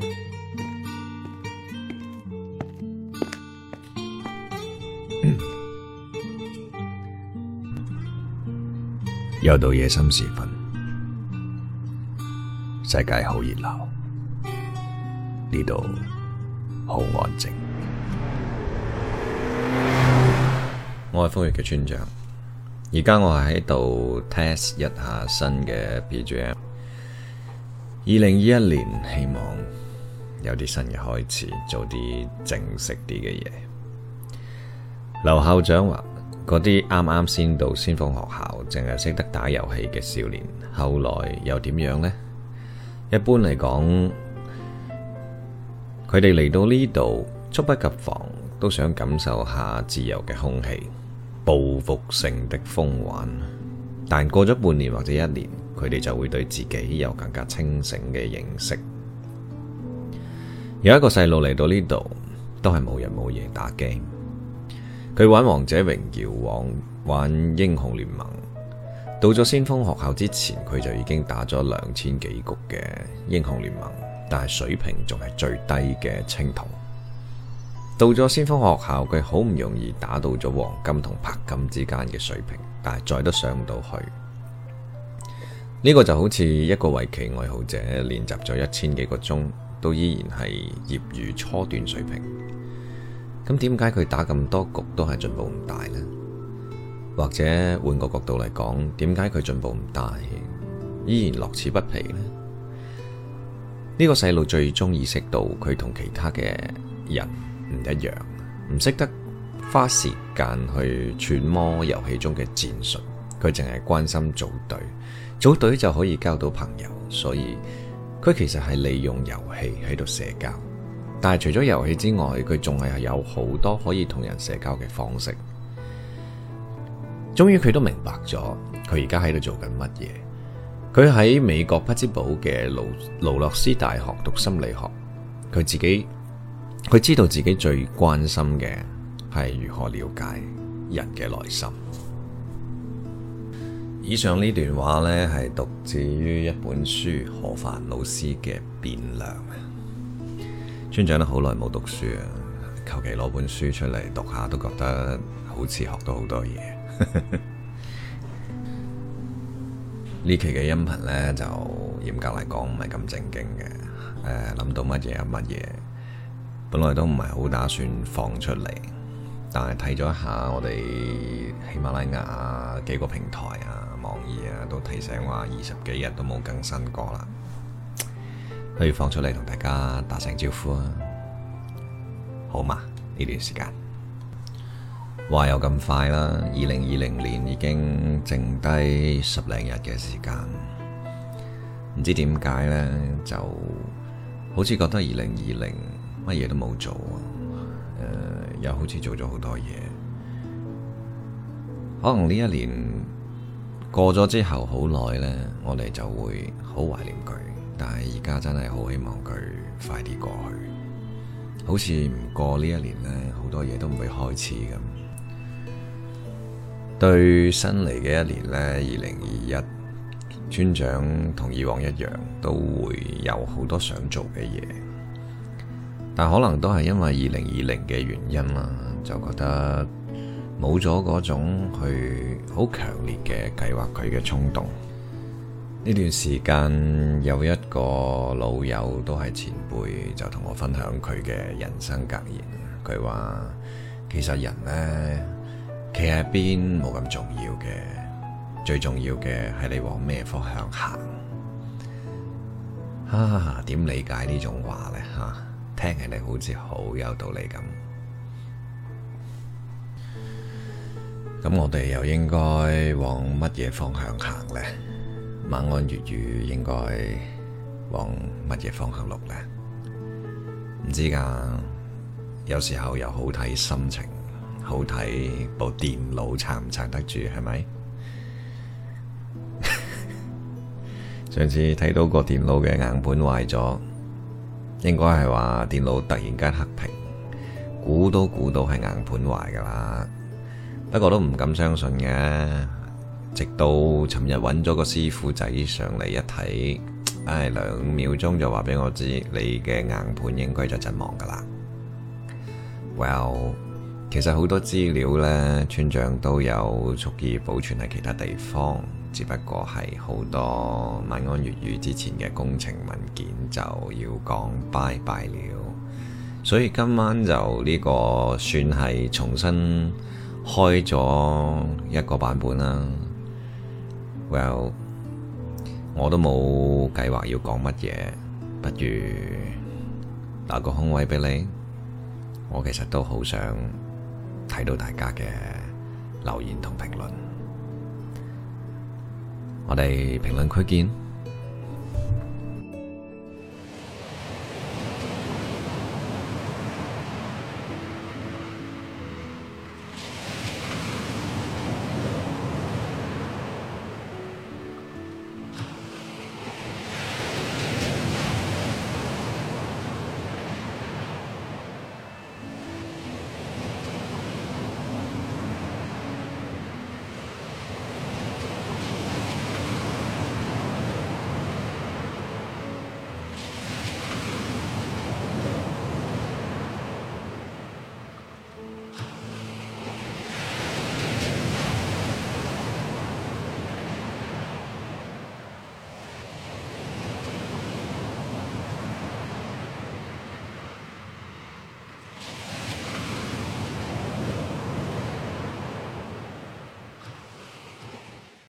又到夜深時分，世界好熱鬧，呢度好安靜。我係風月嘅村長，而家我係喺度 test 一下新嘅 BGM 二零二一年，希望。有啲新嘅開始，做啲正式啲嘅嘢。劉校長話：嗰啲啱啱先到先鋒學校，淨係識得打遊戲嘅少年，後來又點樣呢？一般嚟講，佢哋嚟到呢度，猝不及防，都想感受下自由嘅空氣、報復性的風雲。但過咗半年或者一年，佢哋就會對自己有更加清醒嘅認識。有一個細路嚟到呢度，都係冇日冇夜打機。佢玩王者榮耀，王，玩英雄聯盟。到咗先鋒學校之前，佢就已經打咗兩千幾局嘅英雄聯盟，但係水平仲係最低嘅青銅。到咗先鋒學校，佢好唔容易打到咗黃金同鉑金之間嘅水平，但係再都上唔到去。呢、這個就好似一個圍棋愛好者練習咗一千幾個鐘。都依然係業餘初段水平。咁點解佢打咁多局都係進步唔大呢？或者換個角度嚟講，點解佢進步唔大，依然樂此不疲呢？呢個細路最終意識到佢同其他嘅人唔一樣，唔識得花時間去揣摩遊戲中嘅戰術，佢淨係關心組隊，組隊就可以交到朋友，所以。佢其實係利用遊戲喺度社交，但係除咗遊戲之外，佢仲係有好多可以同人社交嘅方式。終於佢都明白咗，佢而家喺度做緊乜嘢？佢喺美國匹茲堡嘅勞勞洛斯大學讀心理學，佢自己佢知道自己最關心嘅係如何了解人嘅內心。以上呢段話呢，係讀自於一本書何凡老師嘅《變量》，村長都好耐冇讀書啊，求其攞本書出嚟讀下都覺得好似學到好多嘢。呢 期嘅音頻呢，就嚴格嚟講唔係咁正經嘅，誒、呃、諗到乜嘢乜嘢，本來都唔係好打算放出嚟，但係睇咗一下我哋喜馬拉雅幾個平台啊。都提醒話二十幾日都冇更新過啦，不如放出嚟同大家打聲招呼啊，好嘛？呢段時間話又咁快啦，二零二零年已經剩低十零日嘅時間，唔知點解咧，就好似覺得二零二零乜嘢都冇做，誒、呃，又好似做咗好多嘢，可能呢一年。過咗之後好耐咧，我哋就會好懷念佢。但係而家真係好希望佢快啲過去，好似唔過呢一年咧，好多嘢都唔會開始咁。對新嚟嘅一年咧，二零二一，村長同以往一樣都會有好多想做嘅嘢，但可能都係因為二零二零嘅原因啦，就覺得。冇咗嗰種去好強烈嘅計劃佢嘅衝動，呢段時間有一個老友都係前輩，就同我分享佢嘅人生格言。佢話：其實人呢，企喺邊冇咁重要嘅，最重要嘅係你往咩方向行。哈哈，點理解呢種話呢？吓，聽起嚟好似好有道理咁。咁我哋又應該往乜嘢方向行咧？晚安粵語應該往乜嘢方向錄咧？唔知噶，有時候又好睇心情，好睇部電腦撐唔撐得住係咪？ 上次睇到個電腦嘅硬盤壞咗，應該係話電腦突然間黑屏，估都估到係硬盤壞噶啦。不過都唔敢相信嘅，直到尋日揾咗個師傅仔上嚟一睇，唉，兩秒鐘就話俾我知你嘅硬盤應該就陣亡㗎喇。Well，其實好多資料呢，村長都有蓄意保存喺其他地方，只不過係好多晚安粵語之前嘅工程文件就要講拜拜了。所以今晚就呢個算係重新。開咗一個版本啦。Well，我都冇計劃要講乜嘢，不如打個空位俾你。我其實都好想睇到大家嘅留言同評論。我哋評論區見。